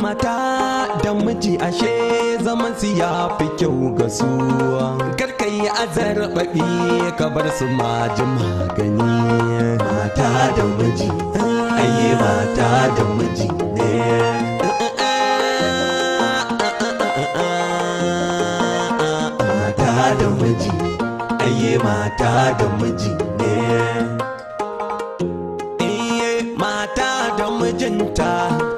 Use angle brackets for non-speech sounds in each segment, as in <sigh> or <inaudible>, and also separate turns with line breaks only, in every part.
mata da miji ashe zaman su ya fi kyau ga su kar ka yi azarbaɓi ka bar su magani mata da miji ayi mata da miji eh. mata da miji mata da miji ne eh. mata da mijinta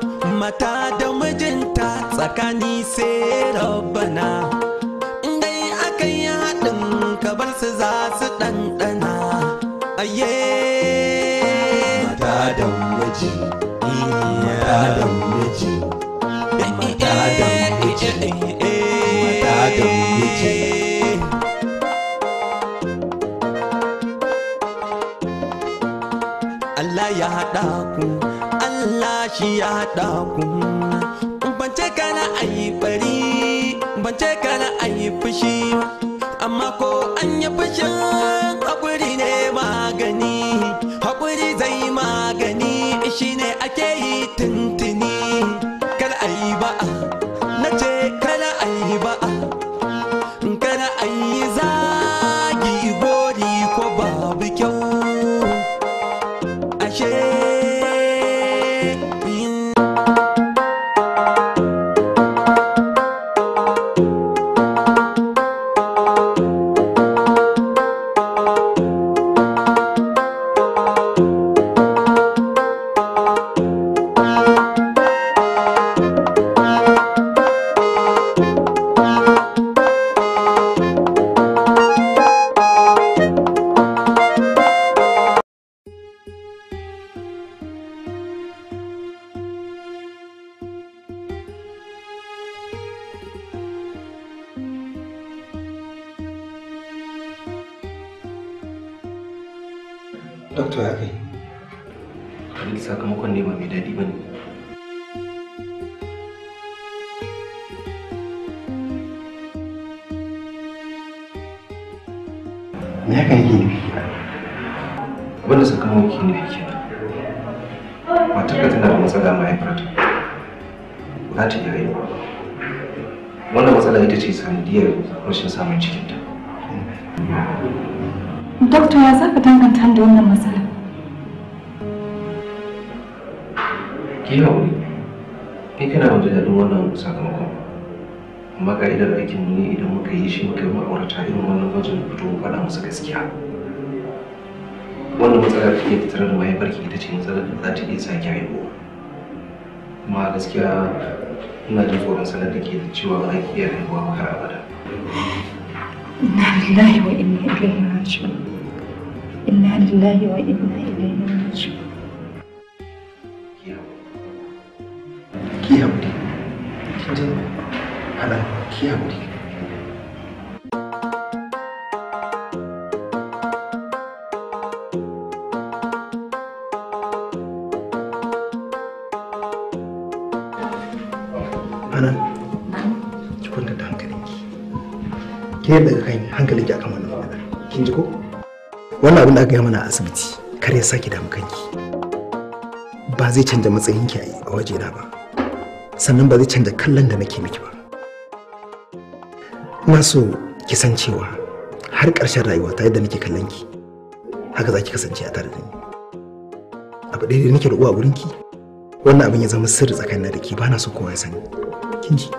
tsakani sai rabbana dai aka yi haɗin kabar su za su ɗanɗana aye mata da Allah ya haɗa ku, Allah shi ya haɗa ku. kana ayi bari ban kana ayi fushi
za ka danganta da wannan matsala?
Ki ne? ni kana da daɗin wannan sakamakon. Amma ka'idar aikin mu ne idan muka yi shi muka yi ma'aurata irin wannan gwajin fito mu faɗa musu gaskiya. Wannan matsala da ke fitar da ki ita ce matsalar da za ta iya sake haihuwa. Kuma gaskiya ina jin tsoron sanar da ke da cewa ba za ki iya haihuwa har abada.
Na lillahi wa inna ilaihi raji'un.
inna lillahi wa inna ilaihi raji'un
ki haƙuri kin ji ke daga wannan abin da aka yi mana a asibiti kar ya sake damu kanki ba zai canja matsayinki a waje wajena ba sannan ba zai canza kallon da nake miki ba ina so ki san cewa har ƙarshen rayuwa ta yadda nake kallon ki haka za ki kasance a tare da ni abu ɗaya da nake da uwa gurinki wannan abin ya zama sirri tsakanin da ke ba na so kowa ya sani kin ji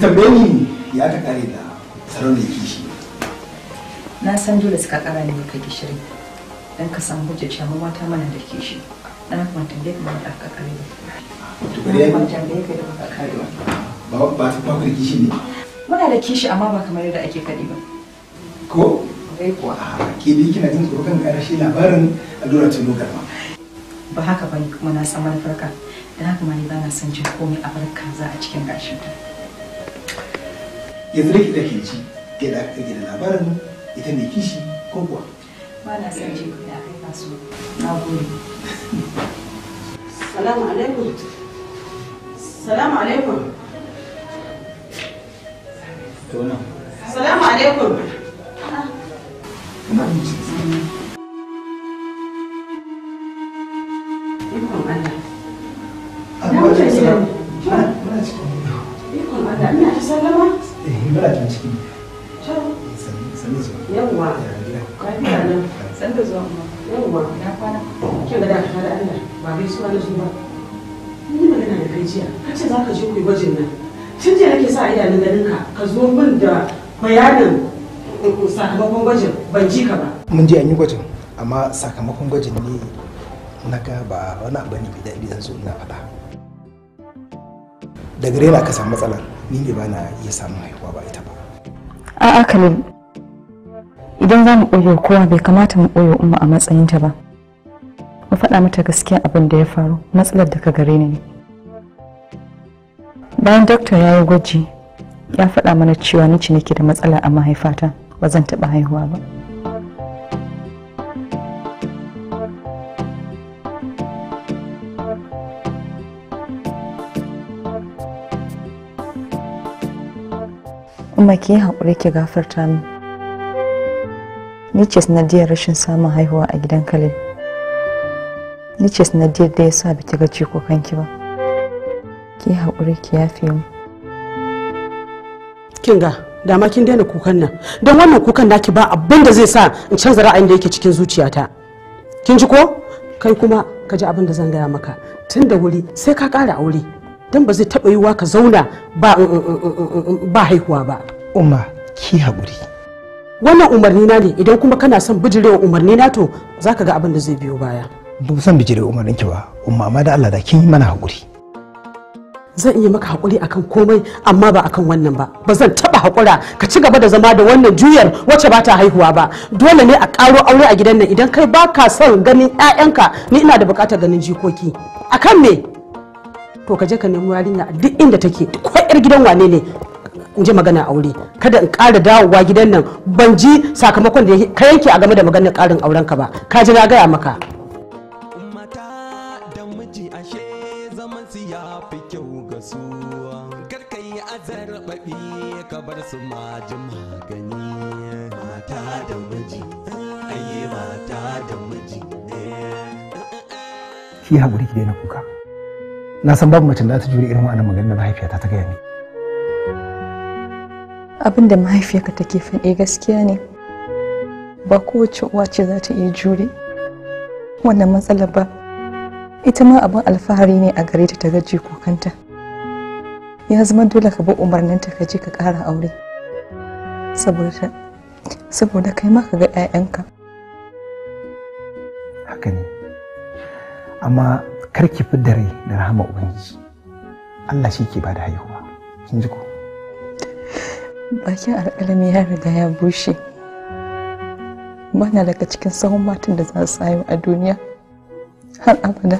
ita beni ya ta kare da tsaron da yake shi
na san dole suka kara ne ka gishiri dan ka san hujja cewa mu mata mana da ke shi dan kuma tambaye ka da ka kare
to bare mun tambaye ka da ka kare ba ba ba ta ku da kishi ne
muna da kishi amma ba kamar yadda ake faɗi ba ko kai a
ke bi kina jin tsoron karshe labarin dora ta lokar ma
ba haka bane kuma na san manufarka dan haka ma ni ba na jin komai a barka za a cikin gashin ta
yanzu nake da kinci ke da aka gida labarin ita mai kishi ko kuwa ba na san ji kuɗi a kai kaso na gode salamu alaikum salamu alaikum
salamu alaikum kamar mace
san da zuwa ma yawwa na kwana kin ga da ka da Allah ba gaisuwa na ba ni magana da kai jiya kace za ka je ku yi gwajin nan tun jiya nake sa idanun ganin ka ka zo min da bayanin mm, mm, sakamakon gwajin ban ji ka ba
mun je an yi gwajin amma sakamakon gwajin ne na ga ba wani abu ne bai daɗi zan zo ina faɗa daga rena ka samu matsala ni ne ba na iya samun haihuwa ba ita ba
a'a kalin idan za mu ɓoye kowa bai kamata mu ɓoye umma a matsayin ta ba mu faɗa mata gaskiya abin da ya faru matsalar da ka gare ni bayan dokta ya yi gwaji ya faɗa mana cewa ni ce nake da matsala a mahaifata ba zan taɓa haihuwa ba Umma ki yi haƙuri ki gafarta min. ni ce sanadiyar rashin samun haihuwa a gidan kale. ni ce sanadiyar da ya sa biki ga ciko kanki ba ki haƙuri ki yafe mu
kin ga dama kin daina kukan nan don wannan kukan naki ba abin da zai sa in canza ra'ayin da yake cikin zuciyata kin ji ko kai kuma ka ji abin da zan gaya maka tun da wuri sai ka ƙara aure don ba zai taɓa yiwuwa ka zauna ba mm, mm, mm, haihuwa ba umma ki haƙuri wannan umarni na ne idan kuma kana son bijirewa umarni na to ka ga abin
da zai biyo baya ba san bijirewa umarnin ki ba umma amma da Allah da kin yi mana hakuri
zan iya maka hakuri akan komai amma ba akan wannan ba ba zan taba haƙura ka ci gaba da zama da wannan juyar wacce ba ta haihuwa ba dole ne a ƙaro aure a gidan nan idan kai ba ka son ganin ƴaƴanka ni ina da buƙatar ganin jikoki kan me to ka je ka nemi yarinya duk inda take ko yar gidan wane ne in ji magana aure kada in ƙara dawowa gidan nan ban ji sakamakon da ka yanke a game da maganar ƙarin auren ka ba ka ji na gaya maka
ki haƙuri ki daina kuka na san babu macen da ta jure irin wannan maganar da mahaifiyata ta gaya ni abin da
mahaifiyarka take faɗi gaskiya ne ba kowace uwa ce za ta iya jure wannan matsala ba ita ma abin alfahari ne a gare ta ta gaji kokanta ya zama dole ka bi umarninta ka je ka kara aure saboda kai ma ka ga 'ya'yanka
haka ne amma kar ki fi da rai da rahama ubangiji Allah shi ke ba da haihuwa kin ji ko
bakin alƙalami ya riga ya bushe bana daga cikin sahun matan da za
su tsayo a duniya har abada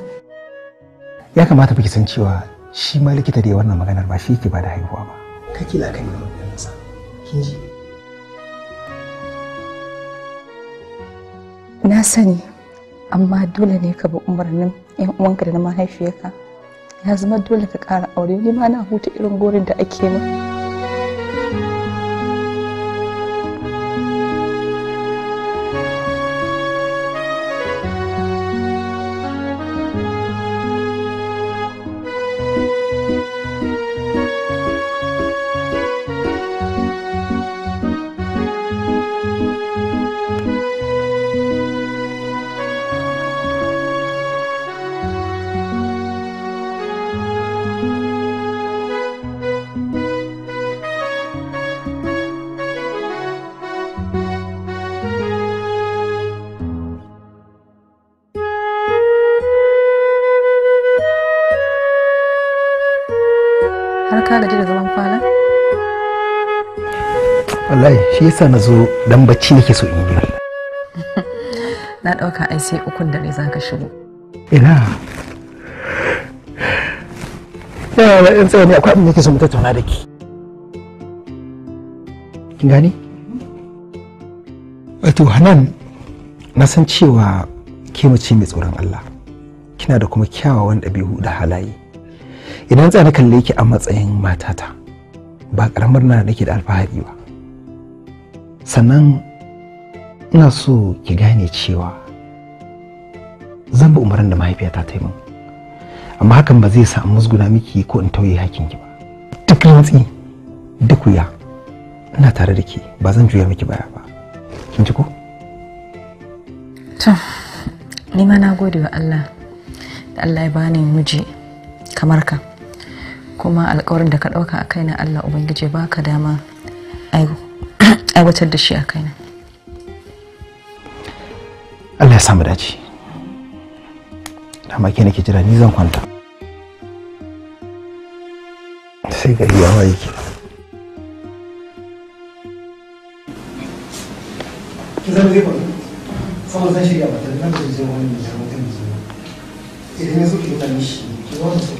ya kamata ba san cewa shi ma likita da wannan maganar ba shi ke ba da haihuwa ba ka la'akari da maganarsa kin
ji na sani amma dole ne ka bi umarnin yan uwanka da na mahaifiyarka ya zama dole ka ƙara aure ni ma na huta irin gorin da ake ma. ka gaji da zaman kwana?
wallahi shi yasa na zo dan bacci nake so in yi
<laughs> na ɗauka ai sai ukun da za ka shigo
ina yana da in tsaye ne akwai abin da yake so mu tattauna da kin gani wato hanan na san cewa ke mace mai tsoron Allah kina da kuma kyawawan ɗabi'u da halaye idan tsaya na kalle ki a matsayin matata ba karamar na nake da alfahari ba sannan ina so ki gane cewa zan bi umarin da mahaifiyata ta yi min amma hakan ba zai samu musguna miki ko in tauye hakin ki ba duk rantsi duk wuya ina tare da ke ba zan juya miki baya ba kin ji ko to
ni ma na gode wa Allah da Allah ya bani miji kamar ka kuma alkawarin da ka ɗauka a kaina Allah Ubangiji ba ka dama <coughs> aiwatar da shi a kaina.
Allah ya samu dace. Dama ke nake jira ni zan kwanta.
Sai ga iya waye ki. Zan zai kwanta. Sama zan shirya ba ta
nan da zai wani da zai wani zai Idan ya so ki ki zo da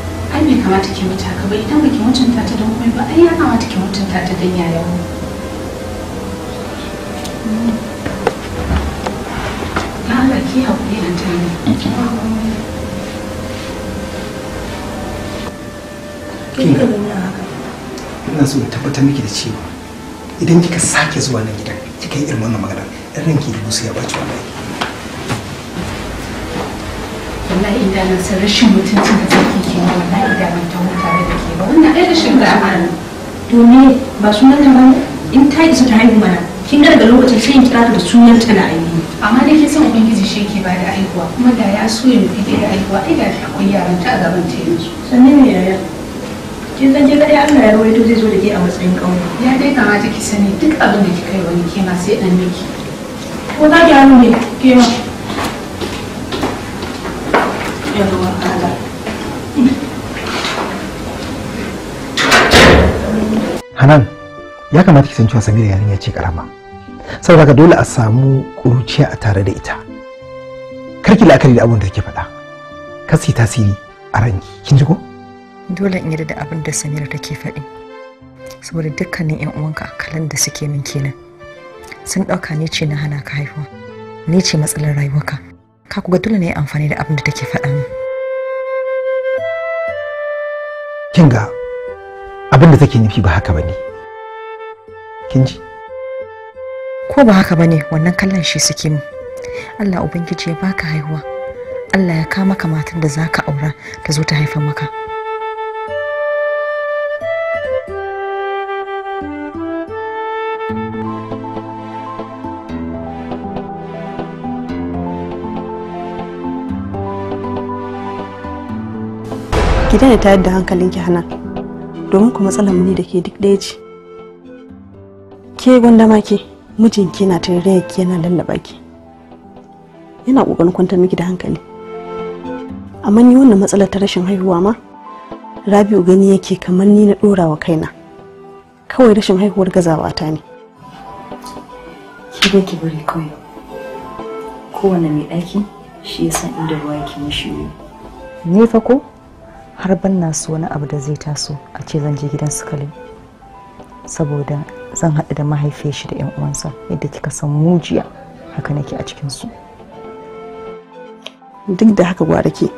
ai bai kamata
ki mutu ka bai dan baki mutunta ta don komai ba ai ya kamata ki mutunta ta don yayan
mu na ga ki hakuri an ta ne kinga
ina so in tabbatar miki da cewa idan kika sake zuwa nan gidan kika yi irin wannan magana ɗan ranki da musu ya wannan wallahi
wallahi da na san rashin mutuncin da take ke wallahi da ban tawo
tare da ke ba wannan ai rashin da
amana
domin ba su ta ba in ta isa ta
haihu mana kin ga daga lokacin sai in kira da sunan ta na ainihi
amma da ke son ubangiji shi ke ba da haihuwa kuma da ya so ya nufi da haihuwa ai da akwai yaran ta a gaban ta yanzu sannan me yaya kin san ke kadai Allah ya rawaito zai zo da ke a matsayin kauna. ya dai kamata ki sani duk abin
da kika yi wani kima sai dan miki ko za ki hannu ne kima.
hanan ya kamata ki san cewa samira yarinya ce karama saboda ka dole a samu kuruciya a tare da ita Kar ki la'akari da abin da take faɗa kasi tasiri a ranki kin ji ko dole
in yarda da abin da samira take faɗi saboda dukkanin yan uwanka kalan da suke min kenan sun ɗauka ni ce na hana ka haihuwa ni ce matsalar rayuwarka ka kuga dole ne amfani da abin da take faɗa min
kin ga abin da take nufi ba haka bane kin ji
ko ba haka bane wannan kallon shi suke mu Allah ubangiji ya baka haihuwa Allah ya kama kamatan da za ka aura ta zo ta haifa maka
ki daina tayar da hankalinki hana domin ku matsalar mu ne da ke duk ɗaya ce ke gwanda ma ke mijinki yana tare ki yana lallaba ki yana ƙoƙarin kwantar miki da hankali amma ni wannan matsalar ta rashin haihuwa ma rabi'u gani yake kamar ni na ɗora wa kaina kawai rashin haihuwar gazawa ta ne
ki ki bari kawai kowane mai ɗaki shi ya san inda ruwa yake mishi ne fa ko har ban na su wani abu da zai taso a ce zan je gidan su kale saboda zan haɗu da mahaifiyar shi da 'yan uwansa yadda kika san mujiya haka nake a cikin su duk da haka gwara ke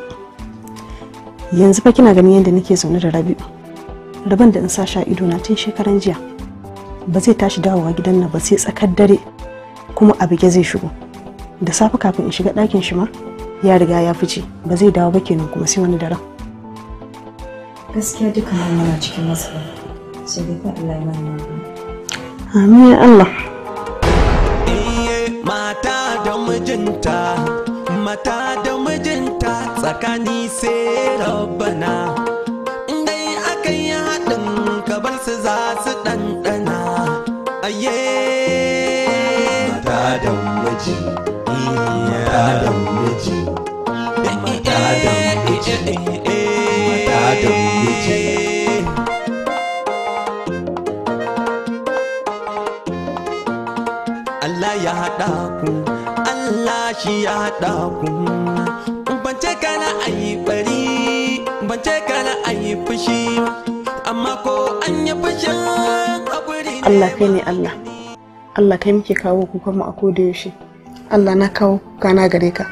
yanzu fa kina ganin yadda nake zaune da rabi'u rabon da in sa sha ido na tun shekaran jiya ba zai tashi dawowa gidan nan ba sai tsakar dare kuma a bige zai shigo da safe kafin in shiga ɗakin shi ma ya riga ya fice ba zai dawo ba kenan kuma sai wani daren gaskiya
duka nan muna cikin masu sai dai fa Allah ya mana
amin ya Allah
mata da mijinta mata da mijinta tsakani sai rabbana dai akan yi haɗin bar su za su ɗanɗana aye mata da miji mata da miji
mata da miji da
Allah ya haɗa ku Allah shi ya haɗa ku bance kana ayi bari bance kana ayi fushi amma ko an yi fushin hakuri
Allah kai ne Allah Allah kai muke kawo kukan mu a koda yaushe Allah na kawo kuka na gare ka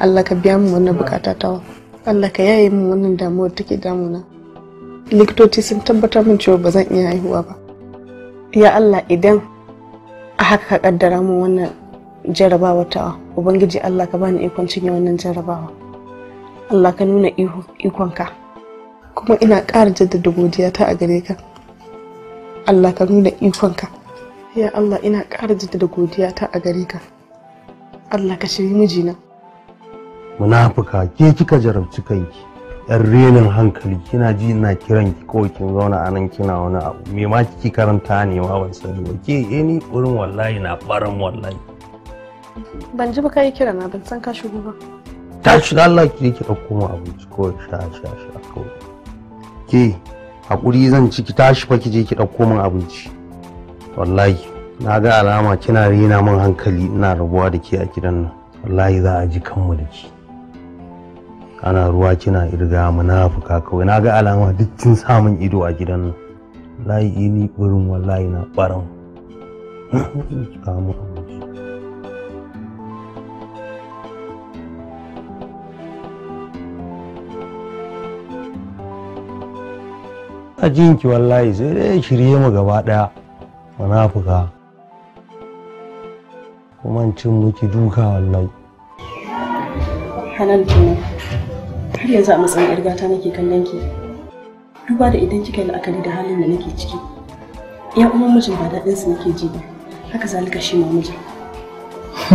Allah ka biya mu wannan bukata tawa Allah ka yaye min wannan damuwar take damuna likitoci sun tabbatar min cewa ba zan iya haihuwa ba ya Allah idan a haka ka kaddara min wannan jarabawa ta ubangiji Allah ka bani ikon cinye wannan jarabawa Allah ka nuna ikonka kuma ina ƙara jaddada godiya ta a gare ka Allah ka nuna ikonka ya Allah ina ƙara jaddada godiya ta a gare ka Allah ka shiri mijina
munafuka ke kika jarabci kanki yan renin hankali kina ji ina kiran ki kawai kin zauna a nan kina wani abu me ma kiki karanta ne ma ban sani ba ke eh ni wurin wallahi na faran wallahi
ban ji ba kai kira na ban san ka shigo ba
ta shiga Allah ki ki dauko mu abinci ko sha sha sha ko ke hakuri zan ci ki tashi fa ki je ki dauko min abinci wallahi na ga alama kina rina min hankali ina rabuwa da ke a gidan nan wallahi za a ji kanmu da ki ana ruwa kina irga munafuka kawai na ga alama duk kin samun ido a gidan nan layi ini eh, burin wallahi na baran a jinki wallahi sai dai shirye mu gaba daya munafuka kuma cin muki duka wallahi
hanan tunan har yanzu a matsayin yar gata nake kallon ki duba da idan kika yi la'akari da halin da nake ciki yan uwan mijin ba daɗin su nake ji ba haka zalika shi ma mijin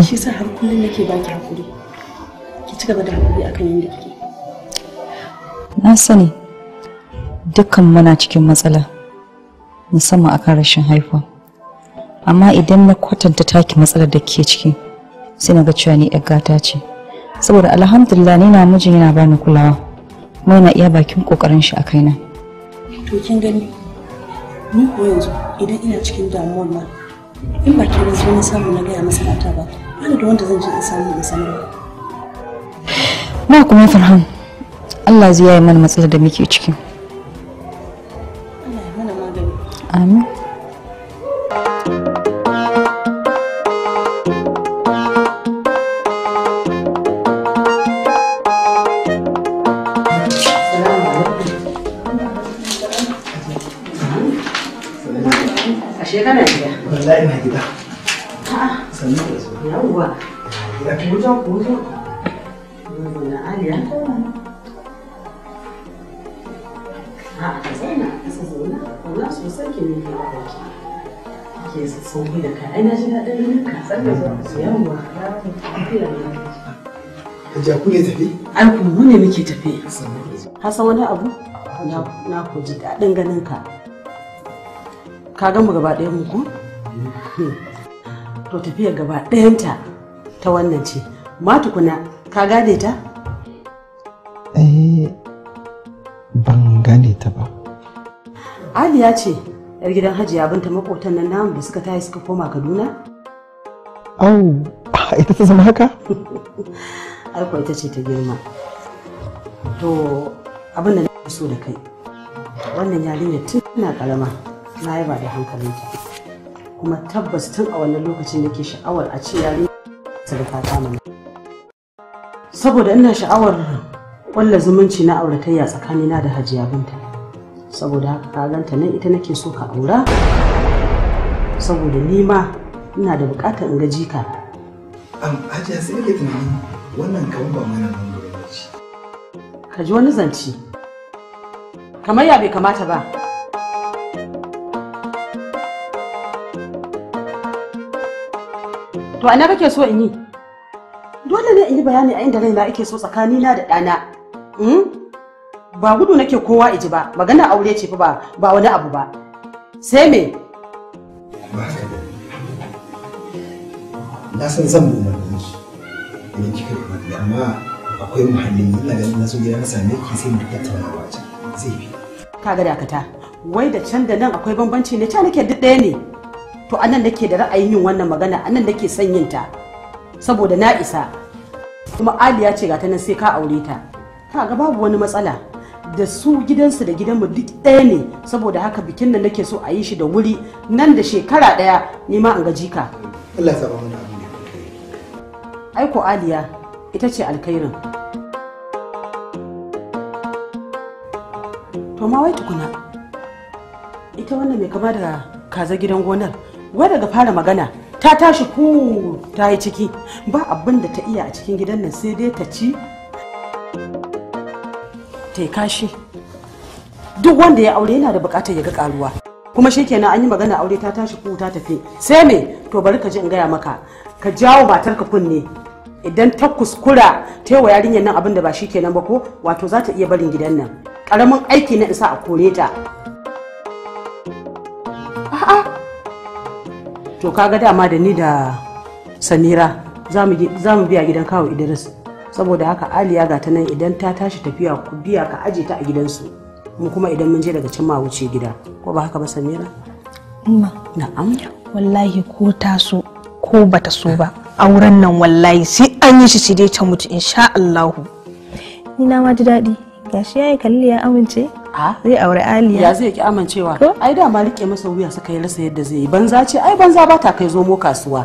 shi sa har kullum nake baki hakuri ki ci gaba da hakuri akan yanda kike
na sani dukkan muna cikin matsala musamman akan rashin haihuwa amma idan na kwatanta taki matsalar da ke ciki sai na ga cewa ni 'yar gata ce saboda alhamdulillah ni na miji yana bani kulawa mai na iya bakin kokarin shi a kaina
to kin gani ni ko yanzu idan ina cikin damuwar ma in ba kina zo na samu na gaya masa mata ba ana da wanda zan je in samu in sanar
ba kuma farhan Allah zai yi mana matsalar da muke ciki Allah ya mana magani amin
Ashe kana gida? Wallahi ina gida. Sannu da Yawwa. wuce ku wuce. Na Aliya. ke sauki da kai. ji daɗin ganin Yawwa. ku ne tafi? Ai ku ne muke tafi. wani abu? Na ku ji daɗin ganin ka. ka mu gaba ɗayan mu ku to tafiya gaba ɗayanta ta wannan ce ma tukuna ka gane ta
eh ban gane ta ba
Ali ya ce yar gidan hajiya binta makotan nan namu da suka taya suka koma kaduna
au ita ta zama haka
<laughs> aiko ita ce ta girma to abin da na so da kai wannan yarinya tun tana karama na yaba da hankalinta kuma tabbas tun a wannan lokacin da ke sha'awar a ce ta da fata mana saboda ina sha'awar kwallon zumunci na auratayya tsakanina da hajiya binta saboda haka ka ganta nan ita nake so ka aura saboda ni ma ina da bukatar in ga jika
am hajiya sai kake tunani
wannan kawun ba mana nan ba
ka ji wani zance kamar ya bai kamata ba to ana kake so in yi dole ne in yi bayani a inda raina ake so tsakanina da ɗana hmm? ba gudu nake kowa iji ba magana aure ce fa ba ba wani abu ba sai me
na san zan umarni ki idan kika umarni amma akwai muhallin ina ganin na so gida na same ki sai mu tattauna wace zai fi
kaga dakata wai da can da nan akwai bambanci ne can nake duk ɗaya ne to anan nake da ra'ayin yin wannan magana anan nake son yin ta saboda na isa kuma ya ce ga ta nan sai ka aure ta kaga babu wani matsala da su gidansu da gidanmu duk ɗaya ne saboda haka bikin nan nake so a yi shi da wuri nan da shekara ɗaya nima an gaji ka Allah ya mana aiko aliya ita ce alkhairin to ma wai tukuna ita wannan mai kama da kaza gidan gonar wai daga fara magana ta tashi ku ta yi ciki ba abin da ta iya a cikin gidan nan sai dai ta ci ta kashi duk wanda ya aure yana da bukatar ya ga karuwa kuma shikenan an yi magana aure ta tashi ku ta tafi sai me to bari ka ji in gaya maka ka jawo matar ka kunne idan ta kuskura ta wa yarinyar nan abin da ba shikenan ba ko wato za ta iya barin gidan nan karamin aiki na isa a kore ta to kaga dama da ni da samira za mu biya gidan kawo idris saboda haka aliya ga ta nan idan ta tashi tafiya ku biya ka aje ta a gidansu mu kuma idan mun je daga can ma wuce gida ko ba haka ba samira na'am
wallahi ko ta so ko bata so ba auren nan wallahi sai an yi shi shi dai ta
mutu insha Allah
ni na ma ji daɗi gashi yayi kalli ya amince
zai
aure aliya ya zai ki amincewa ai da ma rike masa wuya suka yi rasa yadda zai yi banza ce ai banza ba ta kai zomo kasuwa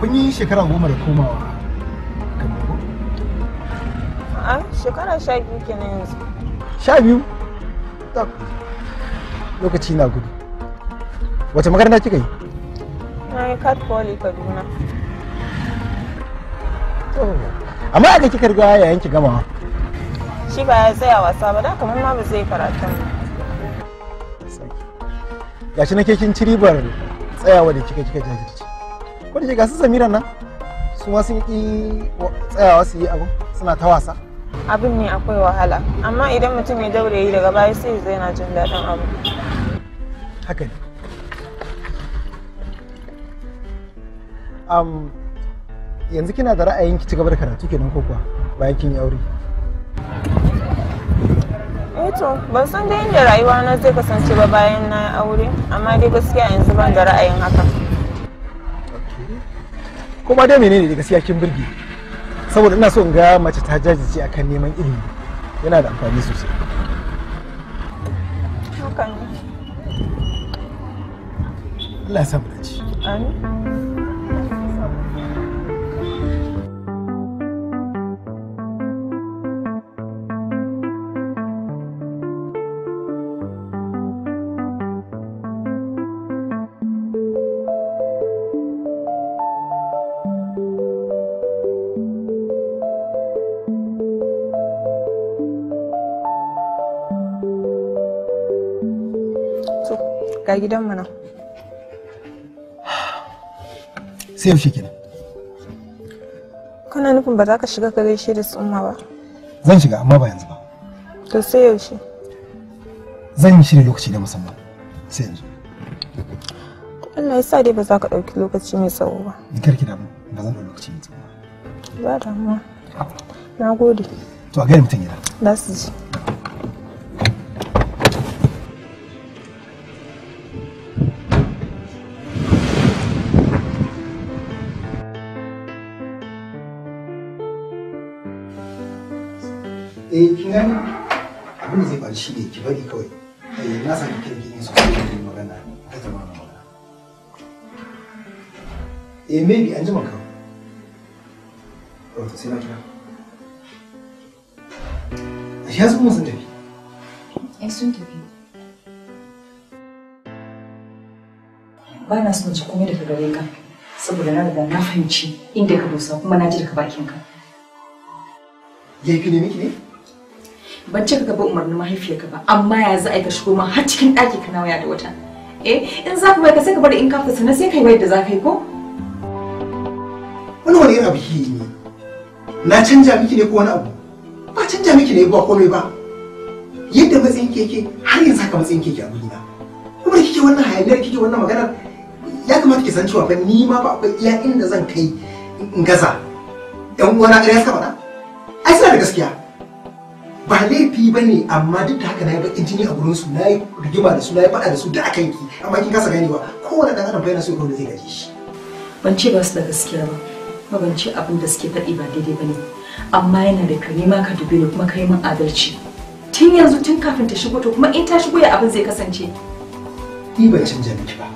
kun yi shekara goma da komawa
shekara sha biyu kenan yanzu
sha biyu lokaci na gudu wace makaranta kika yi
na yi cat poly kaduna
amma aka kika riga yayin ki gama
shi ba ya tsaya wasa ba da kamar ma ba zai
ya shi nake kin ci ribar tsayawa da kika kika jajirci ko da ke gasu samira nan su ma sun ki tsayawa su yi abu suna ta wasa
abin ne akwai wahala amma idan mutum ya daure yi daga baya sai zai na jin daɗin abu haka ne
um, yanzu kina da ra'ayin ki ci gaba da karatu kenan ko kuwa bayan kin yi aure
eh to ban san dai inda rayuwa na zai kasance ba bayan na aure amma dai gaskiya yanzu ban da ra'ayin haka
kuma dai menene ne gaskiya kin birge saboda ina so in ga mace ta jajirce akan neman ilimi yana da amfani sosai Allah ya samu ci.
amin
ga gidan mu nan sai yaushe kenan kana nufin ba za ka shiga ka gaishe da su umma ba
zan shiga amma ba yanzu ba
to sai yaushe
zan yi shiri lokaci da musamman sai yanzu
Allah ya sa dai ba za ka ɗauki lokaci mai tsawo ba
ni karki da ba zan ɗauki lokaci mai tsawo
ba damuwa na gode
to a gaya mutum gida
za su ji
ki bari kawai eh na san ki kirki ne sosai da magana ka ta mana magana eh maybe an jima ka oh, to sai na kira a shi yasu mun tafi
eh sun tafi ba na son ci komai daga gare ka saboda na riga na fahimci inda ka dosa kuma na ji daga bakin ka
laifi ne miki ne
ban cika ka bi umarnin mahaifiyarka ba amma ya za a ka shigo ma har cikin ɗaki ka waya da wata eh in za ka bai ka sai ka bari in ka fasa na sai kai wayar da za ka yi ko
wani wani abu yi ne na canja miki ne ko wani abu ba canja miki ne ba komai ba yadda matsayin keke har yanzu haka matsayin keke a gurina kuma da kike wannan hayaniyar kike wannan maganar ya kamata ki san cewa fa ni ma ba akwai iya inda zan kai in gaza yan uwana ɗaya suka faɗa ai suna da gaskiya ba laifi ba ne amma duk da haka na yi bakin jini a gurin na yi rigima da su na yi faɗa da su duk akan ki amma kin kasa ganewa kowane ɗan adam bayyana so ga zai gaji shi ban ce ba su da
gaskiya ba kuma ban ce abin da suke faɗi ba daidai ba ne amma yana da ka nema ka dube ni kuma ka min adalci tun yanzu tun kafin ta shigo to kuma in ta shigo ya abin zai kasance
i ban canja miki ba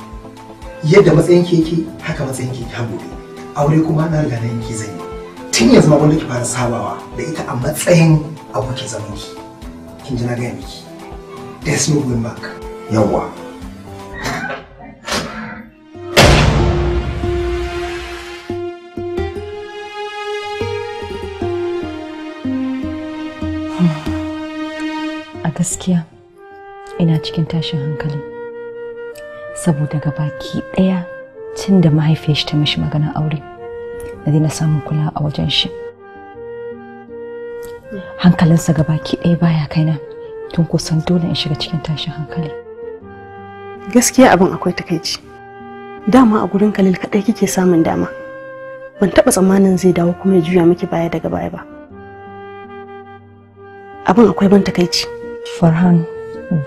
yadda matsayin ke yake haka matsayin ke yake gobe aure kuma na riga na yanki zan yi tun yanzu ma wanda ki fara sabawa da ita a matsayin abokin zaman ki kin ji gaya miki there's no going back yawwa
a gaskiya ina cikin tashin hankali saboda gabaki daya tun da mahaifiyar ta mishi magana aure na daina samun kula a wajen shi hankalinsa gabaki ɗaya baya nan, tun kusan dole in shiga cikin tashin hankali
gaskiya abin akwai takaici
dama a gurin kalil kaɗai kike samun dama
ban taɓa tsammanin zai dawo kuma ya juya miki baya daga baya ba
abin akwai ban takaici farhan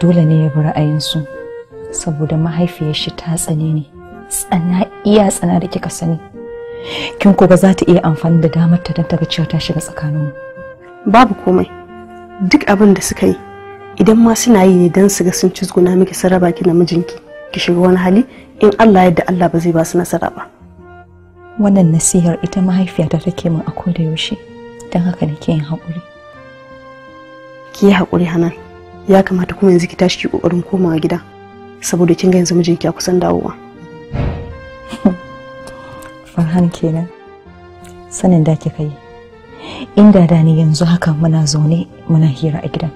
dole ne ya bi ra'ayinsu saboda mahaifiyarshi shi ta tsane ne tsana iya tsana da kika sani kin ko ba za ta iya amfani da damar ta don ta ga cewa ta shiga tsakaninmu babu komai
duk abin da suka yi idan ma suna yi ne don su ga sun cizguna miki saraba ki namijinki mijinki ki shiga wani hali in Allah yadda Allah ba zai ba su nasara ba
wannan nasihar ita mahaifiyata take min a koda yaushe don haka nake yin haƙuri ki yi haƙuri hanan ya kamata kuma yanzu ki tashi ki ƙoƙarin komawa gida
saboda kin ga yanzu mijinki ya kusan dawowa
<laughs> farhan kenan sanin da kika yi inda da ni yanzu haka muna zaune muna hira a gidan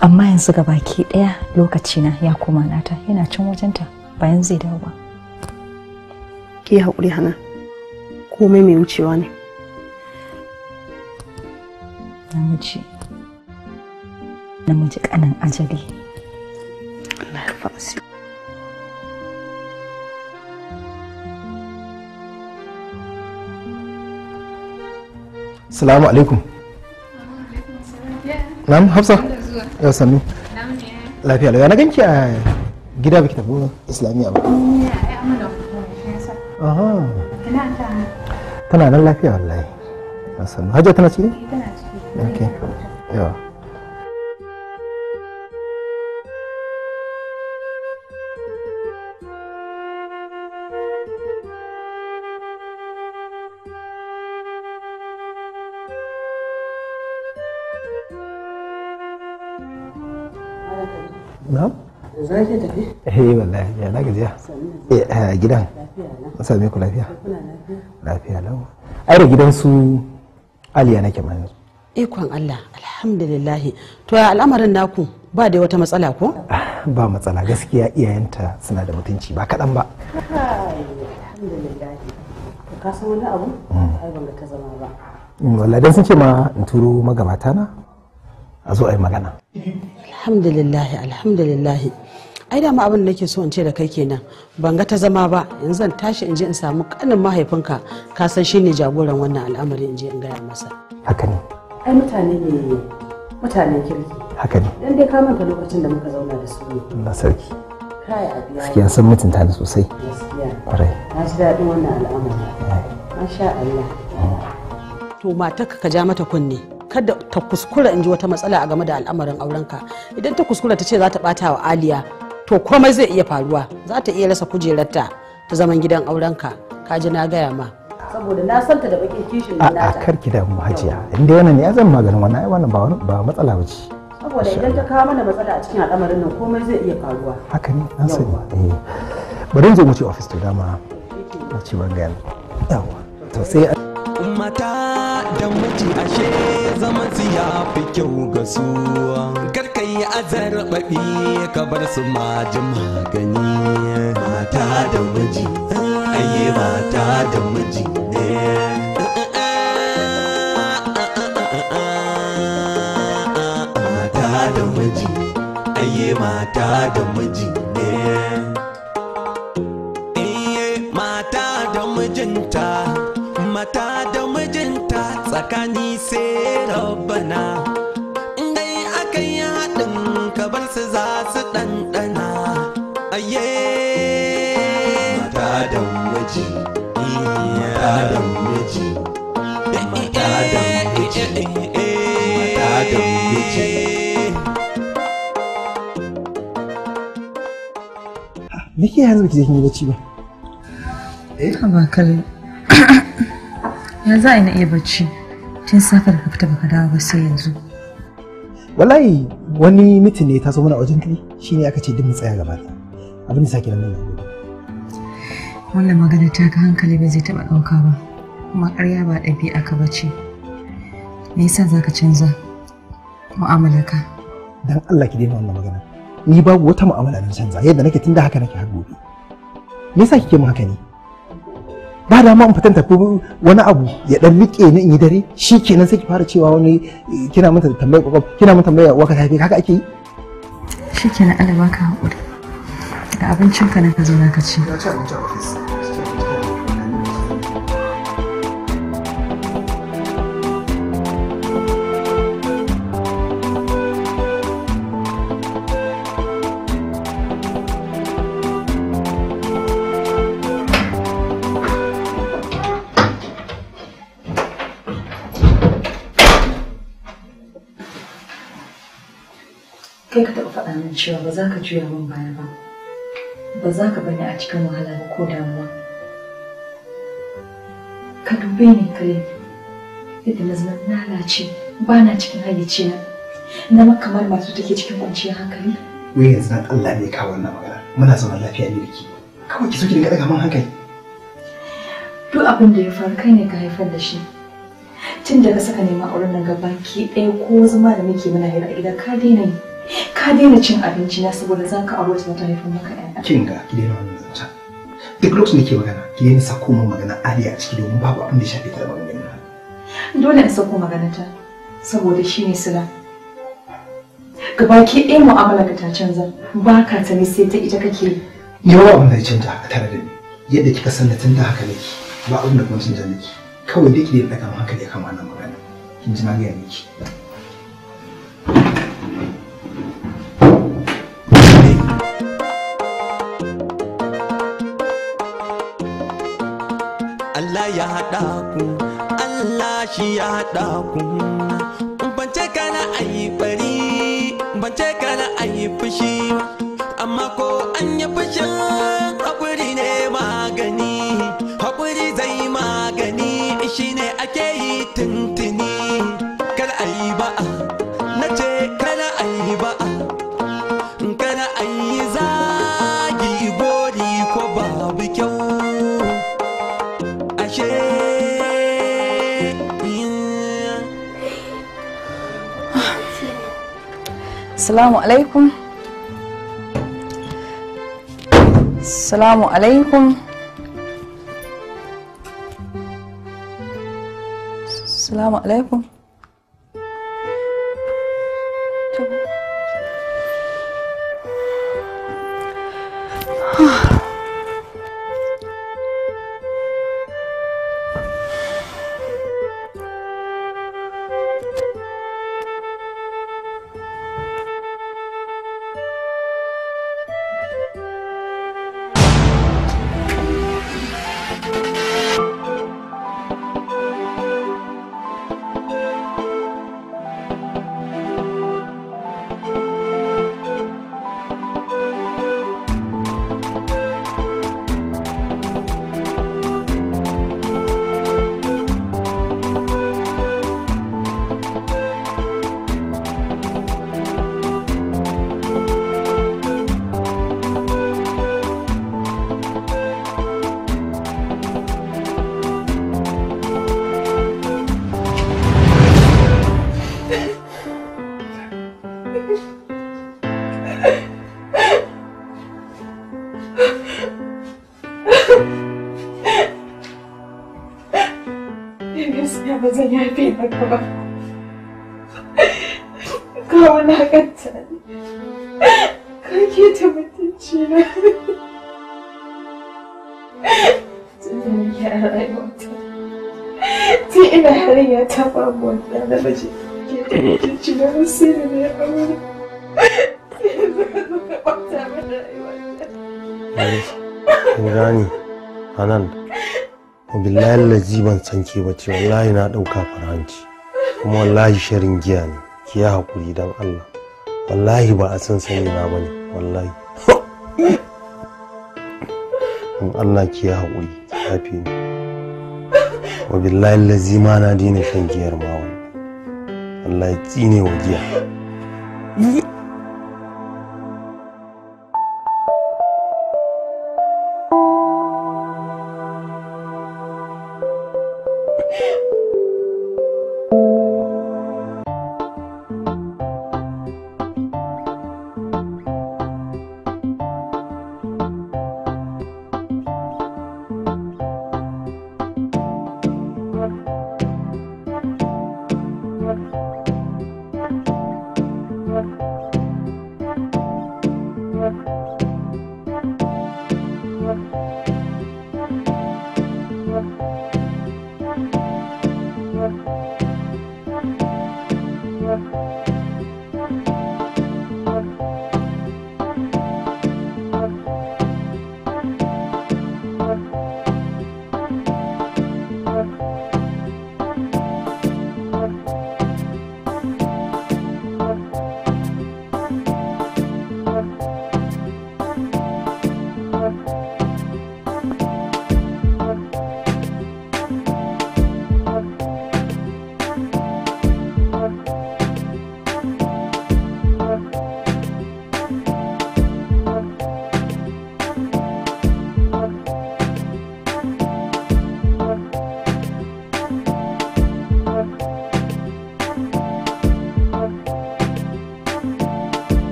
amma yanzu ga baki ɗaya lokacina ya koma nata yana cin wajenta bayan zai dawo ba ki haƙuri hana komai mai wucewa ne namiji namiji kanin ajali Allah ya
salamu alaikum
na'am hafsa ya sami.
lafiya lafiya na ganki a gida baki tafi islamiyya ba aha tana nan lafiya wallahi sami. hajja tana ciki? Eh, tana ciki ok gidan sami ku lafiya lafiya lau ai da gidan su aliya nake ma yanzu
ikon Allah alhamdulillah to ya al'amarin naku ba da wata matsala ko
ah, ba matsala gaskiya iyayenta suna da mutunci ba kaɗan ba
ka san wani abu hmm. ai ban ta zama ba
hmm, wallahi dan sun ce ma in turo magabata na a zo ai magana
alhamdulillah alhamdulillah ai dama abin da nake so in ce da kai kenan ban ga ta zama ba in zan tashi in je in samu kanin mahaifinka ka san shine jagoran wannan al'amari in je in gaya masa haka ne ai mutane ne mutanen kirki haka ne dan dai ka manta lokacin da muka zauna da su ne
Allah sarki kai abiya san mutunta ni sosai gaskiya kwarai
na ji daɗin wannan al'amari masha Allah to matarka ka ja mata kunne kada ta kuskura in ji wata matsala a game da al'amarin aurenka idan ta kuskura ta ce za ta bata wa aliya to komai zai iya faruwa za ta iya rasa kujerarta ta zaman gidan aurenka ka ji na gaya ma saboda na san ta da bakin kishin nata
a kar ki mu hajiya inda wannan ne zan maganin wannan ai wannan ba ba matsala ba ce
saboda idan ta kawo mana matsala a cikin al'amarin nan komai zai iya faruwa
haka ne an sani eh bari in zo mu ce office to dama na ce ban yawa
to sai mata da miji ashe zama su ya fi kyau ga su kar ka yi azarbaɓi ka bar su magani mata da miji aye mata da miji ne. Eh. mata da miji aye mata da miji eh. mata da mijinta mata da mijinta tsakani sai rabbana dai aka yi haɗin kabar su za su ɗanɗana aye mata da miji mata
da miji mata da miji mata da miji
me ke yanzu ki je ba eh kamar kallon
yanzu a ina iya bacci tun safe da ka fita baka dawo ba sai yanzu
wallahi wani mitin ne ta zo mana a wajen kai shine aka ce duk mu tsaya gaba ta abin da sake nan
wannan magana ta ka hankali ba zai taba dauka ba kuma ƙarya ba ɗabi'a ka bace me yasa zaka canza
mu'amalarka dan Allah ki daina wannan magana ni babu wata mu'amala na canza yadda nake tunda haka nake har gobe me yasa kike mun haka ne ba da in fitan tafi wani abu ya dan rike ni in yi dare shikenan sai ki fara cewa wani kina mun tambaya kwakwam kina mun tambaya waka fi haka ake yi
shikenan Allah baka ka haƙuri abincin ka na ka zo na ka ci. na ci abincin a tunanin cewa ba za ka juya min baya ba ba za ka bani a cikin wahala ba ko damuwa ka dube ni kare yadda na zama lalace ba na cikin hayyaci na na makamar masu take cikin kwanciyar hankali
wai yanzu nan Allah ne kawo wannan magana muna zaman lafiya ne da ke kawai ki so ki dinga daga man hankali
duk abin da ya faru kai ne ka haifar da shi tun da ka saka neman auren nan gaba ki ɗaya ko zama da muke muna hira a gida ka daina yi Ka daina cin abinci na saboda zan ka aure ta ta haifar maka ƴaƴa.
Kin ga ki daina wannan zancen. Duk lokacin da ke magana ki daina sako min magana Ali a ciki domin babu abin da shafi ta da magana.
Dole in sako magana ta saboda shi ne sila. Gabaki ɗaya mu'amala ka ta canza ba ka ta sai ta ita
kake. Yawa abin da ya canja a tare da ni yadda kika san da tun da haka nake ba abin da kuma canja nake kawai dai ki daina ɗaga hankali kan wannan magana. Kin ji na gaya miki.
haɗa ku Allah shi ya haɗa ku bance kana ayi bari bance kana ayi fushi amma ko an yi fushin
Assalamu alaikum. Assalamu alaikum. Assalamu alaikum.
billahi lazi ban san ke ba ce wallahi na dauka faranci kuma wallahi sharin giya ne ki ya hakuri dan Allah wallahi ba a san sani na bane wallahi in Allah ki ya hakuri yafi ne wa billahi lazi ma na dina shan giyar ma wallahi tsine wa giya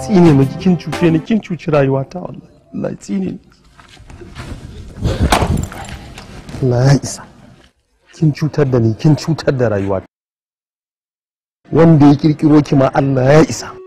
tsine miki kin cuce ni kin cuci rayuwata wallahi Allah tsine ni Allah ya isa kin cutar da ni kin cutar da rayuwata
wanda ya kirkiro ki ma Allah ya isa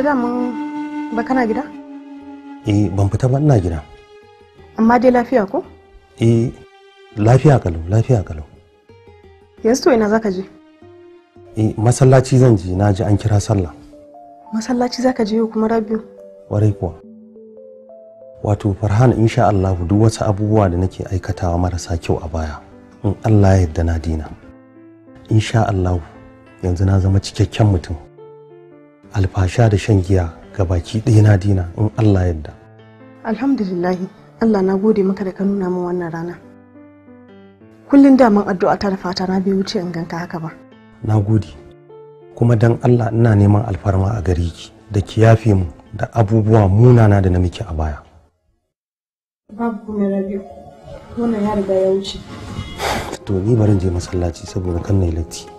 fita da mun ba kana gida?
Eh ban fita ba ina gida.
Amma dai lafiya ko?
Eh lafiya kalau lafiya kalau.
Yanzu to ina zaka je?
Eh masallaci zan je na ji an kira sallah.
Masallaci zaka je kuma
Rabiu?
Warai kuwa. Wato Farhan insha Allah duk wasu abubuwa da nake aikatawa marasa kyau a baya in Allah ya yarda na dina. Insha Allah yanzu na zama cikakken mutum. alfasha da shan giya ga baki ɗaya na dina in Allah yadda.
Alhamdulillahi Allah na gode maka da ka nuna min wannan rana. Kullum daman addu'a ta da fata na bai wuce in ganka haka ba.
Na gode. Kuma dan Allah ina neman alfarma a gare ki da ki yafe mu da abubuwa munana da na miki a baya.
Babu kuma Rabi'u.
Wannan ya riga ya wuce.
To ni barin je masallaci saboda kan na latti.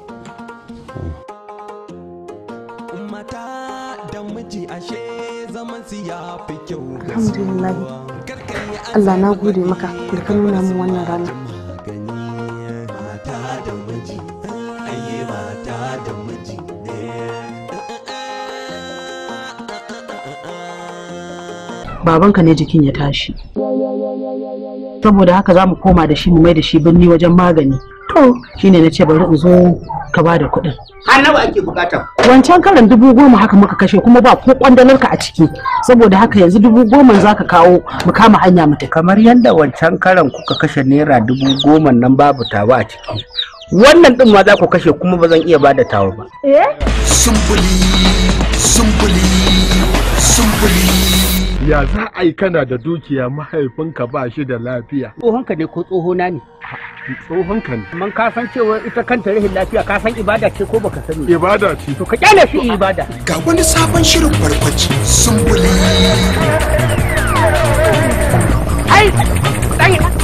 da miji ashe zaman su ya fi kyau alhamdulillah
Allah na gode maka da
ka nuna min wannan rana eh.
babanka ne jikin ya tashi saboda haka za mu koma da shi mu mai da shi birni wajen magani to shine na ce bari in zo ka bada kuɗin nawa ake bukata wancan karan dubu goma haka muka kashe kuma ba ko kwandalarka a ciki saboda haka yanzu dubu goma za ka kawo mu kama hanya mu kamar yadda wancan karan kuka kashe naira dubu goma nan babu tawa a ciki wannan ɗin ma za ku kashe kuma ba
zan iya bada tawa ba
eh sumbuli sumbuli sumbuli
ya za a yi kana da dukiya mahaifinka ba shi da lafiya
tsohonka ne ko tsohona ne tsohonka ne man ka san cewa ita kanta rahin lafiya ka san
ibada ce ko baka sani ibada ce to ka kyale shi ibada ga wani sabon shirin barkwaci sun buli ai